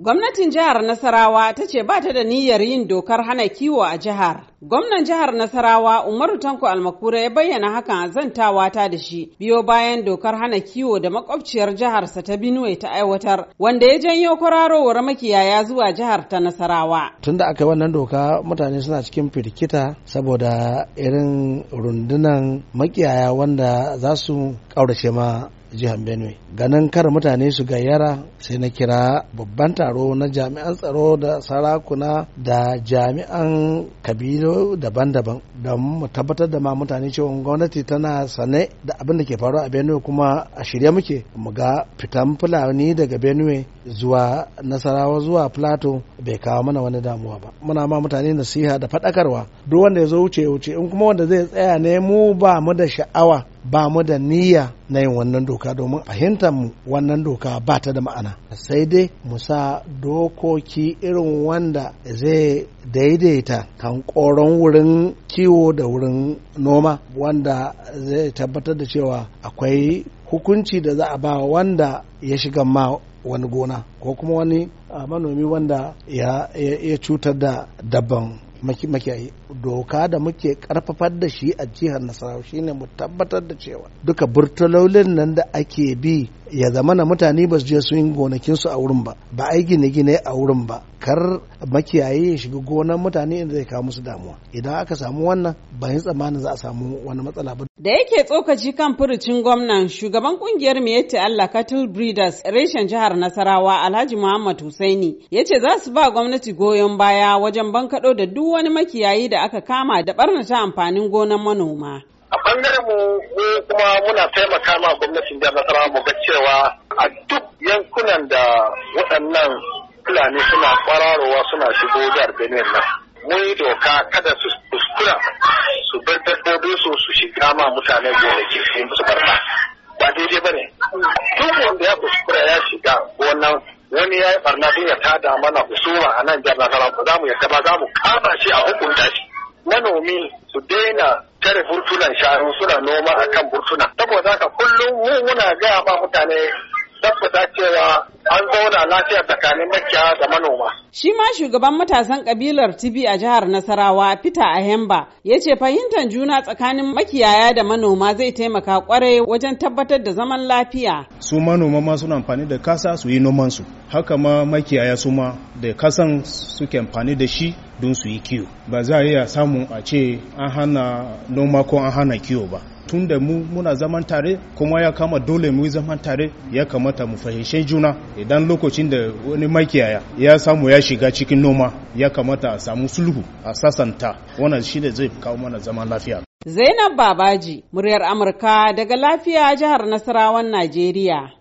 Gwamnatin jihar Nasarawa ta ce ba ta da niyyar yin dokar hana kiwo a jihar. Gwamnan jihar Nasarawa Umaru Tanko Almakura ya bayyana hakan a zantawa ta da shi biyo bayan dokar hana kiwo da makwabciyar jiharsa ta Benue ta aiwatar wanda ya janyo kwararowar makiyaya zuwa jihar ta Nasarawa. Tunda aka yi wannan doka mutane suna cikin firkita saboda irin rundunan makiyaya wanda za su ƙaurace ma jihar benue ganin kar mutane su gayyara sai na kira babban taro na jami'an tsaro da sarakuna da jami'an kabilu daban-daban don mu tabbatar da ma mutane cewa gwamnati tana sane da abin da ke faru a benue kuma a shirye muke mu ga fitan fulani daga benue zuwa nasarawa zuwa plateau bai kawo mana wani damuwa ba muna ma mutane nasiha da faɗakarwa duk wanda ya zo wuce wuce in kuma wanda zai tsaya ne mu ba mu da sha'awa ba mu da niyya na yin wannan doka domin fahimtar mu wannan doka ba ta da ma'ana sai dai mu sa dokoki irin wanda zai daidaita kan koron wurin kiwo da wurin noma wanda zai tabbatar da cewa akwai hukunci da za a ba wanda ya shiga ma wani gona ko kuma wani manomi wanda ya cutar da dabban makiyayi doka da muke karfafar da shi a jihar nasarawa shine mu tabbatar da cewa duka burtalolin nan da ake bi ya zama na mutane ba su je su yi gonakinsu a wurin ba ba a yi gine-gine a wurin ba kar makiyayi ya shiga gonan mutane inda zai kawo musu damuwa idan aka samu wannan bayan tsammanin za a samu wani matsala ba da yake tsokaci kan furucin gwamnan shugaban kungiyar miyetti Allah Cattle Breeders reshen jihar Nasarawa Alhaji Muhammad Husaini ya ce za su ba gwamnati goyon baya wajen bankaɗo da duk wani makiyayi da aka kama da barnata amfanin gonan manoma. a bangaren mu kuma muna taimaka ma gwamnatin jihar Nasarawa mu ga cewa a duk yankunan da waɗannan fulani suna kwararowa suna shigo jihar benin nan mun yi doka kada su kuskura su bar dabbobi su su shiga ma mutane gonaki su musu barna ba daidai ba ne duk wanda ya kuskura ya shiga gonan wani ya yi barna don ya tada mana husuma a nan jihar nasarawa ba za mu yarda ba za mu kama shi a hukunta shi manomi su daina tare burtunan shanu suna noma akan burtuna saboda haka kullum mu muna gaya ba mutane tabbata cewa an zauna lafiya tsakanin makiyaya da manoma. Shi ma shugaban matasan kabilar Tibi a jihar Nasarawa Peter Ahemba ya ce fahimtar juna tsakanin makiyaya da manoma zai taimaka kwarai wajen tabbatar da zaman lafiya. Su manoma ma suna amfani da kasa su yi noman su. Haka ma makiyaya su ma da kasan suke amfani da shi don su yi kiwo. Ba za a iya samun a ce an hana noma ko an hana kiwo ba. tun da mu muna zaman tare kuma ya kama dole mu zaman tare ya kamata mu fahimci juna idan lokacin da wani makiyaya ya samu ya shiga cikin noma ya kamata a samu sulhu a sasanta wannan shi ne zai kawo mana zaman lafiya Zainab Babaji, muryar Amurka daga lafiya jihar Nasarawan Najeriya.